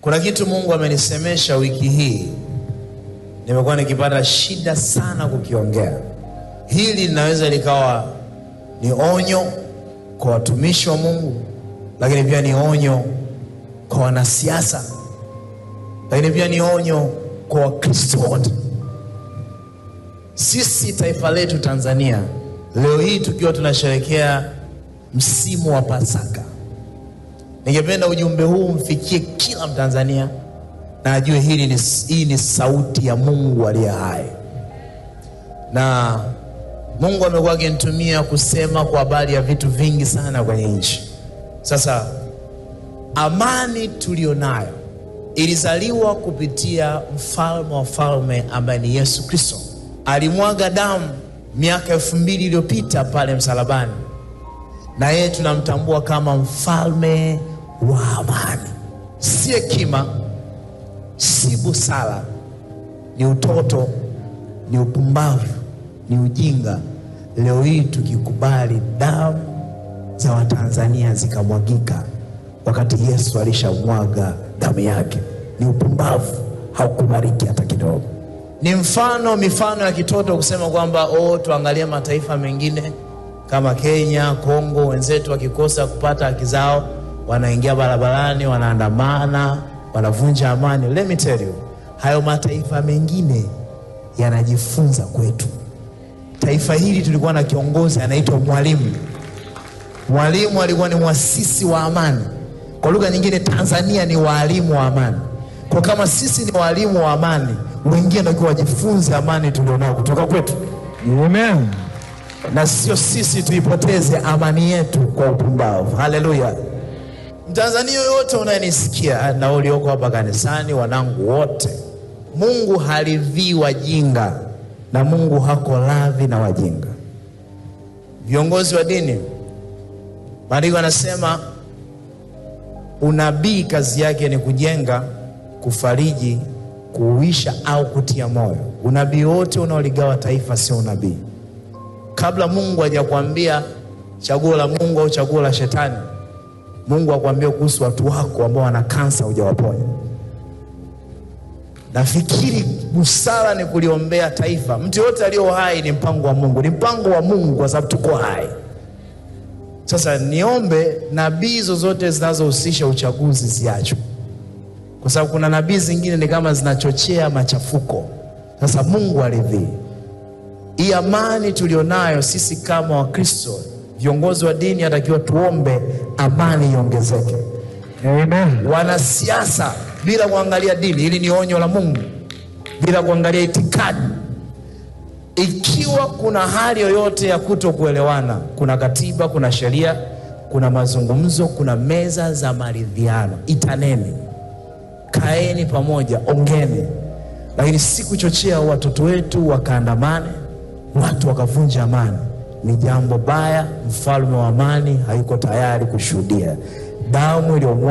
Kuna kitu Mungu amenisemesha wiki hii, nimekuwa nikipata shida sana kukiongea. Hili linaweza likawa ni onyo kwa watumishi wa Mungu, lakini pia ni onyo kwa wanasiasa, lakini pia ni onyo kwa Wakristo wote. Sisi taifa letu Tanzania, leo hii tukiwa tunasherekea msimu wa Pasaka Ningependa ujumbe huu mfikie kila Mtanzania na ajue hili ni, hii ni sauti ya Mungu aliye hai, na Mungu amekuwa akinitumia kusema kwa habari ya vitu vingi sana kwenye nchi. Sasa amani tuliyonayo ilizaliwa kupitia mfalme wa falme ambaye ni Yesu Kristo. Alimwaga damu miaka elfu mbili iliyopita pale msalabani na yeye tunamtambua kama mfalme wa amani. Si hekima, si busara, ni utoto, ni upumbavu, ni ujinga. Leo hii tukikubali damu za Watanzania zikamwagika wakati Yesu alishamwaga damu yake, ni upumbavu, haukubariki hata kidogo. Ni mfano mifano ya kitoto kusema kwamba oh, tuangalie mataifa mengine kama Kenya, Kongo, wenzetu wakikosa kupata haki zao wanaingia barabarani, wanaandamana, wanavunja amani. Let me tell you, hayo mataifa mengine yanajifunza kwetu. Taifa hili tulikuwa na kiongozi anaitwa Mwalimu. Mwalimu alikuwa ni mwasisi wa amani. Kwa lugha nyingine, Tanzania ni waalimu wa amani. Kwa kama sisi ni waalimu wa amani, wengine wajifunze amani tulionao kutoka kwetu. Amen na sio sisi tuipoteze amani yetu kwa upumbavu. Haleluya! Mtanzania yoyote unayenisikia na ulioko hapa kanisani, wanangu wote, Mungu haridhii wajinga na Mungu hako radhi na wajinga. Viongozi wa dini, maandiko anasema unabii kazi yake ni kujenga, kufariji, kuuisha au kutia moyo. Unabii wote unaoligawa taifa sio unabii kabla Mungu hajakwambia chaguo la Mungu au chaguo la shetani, Mungu akwambia kuhusu watu wako ambao wana kansa hujawaponya. Nafikiri busara ni kuliombea taifa. Mtu yote aliyo hai ni mpango wa Mungu, ni mpango wa Mungu kwa sababu tuko hai. Sasa niombe nabii zozote zinazohusisha uchaguzi ziachwe, kwa sababu kuna nabii zingine ni kama zinachochea machafuko. Sasa Mungu aridhii hii amani tulionayo sisi kama Wakristo, viongozi wa dini atakiwa tuombe amani iongezeke. Amen. Wanasiasa bila kuangalia dini, hili ni onyo la Mungu, bila kuangalia itikadi. Ikiwa kuna hali yoyote ya kutokuelewana, kuna katiba, kuna sheria, kuna mazungumzo, kuna meza za maridhiano, itaneni, kaeni pamoja, ongeni, lakini si kuchochea watoto wetu wakaandamane watu wakavunja amani. Ni jambo baya, mfalme wa amani hayuko tayari kushuhudia damu iliyomwagwa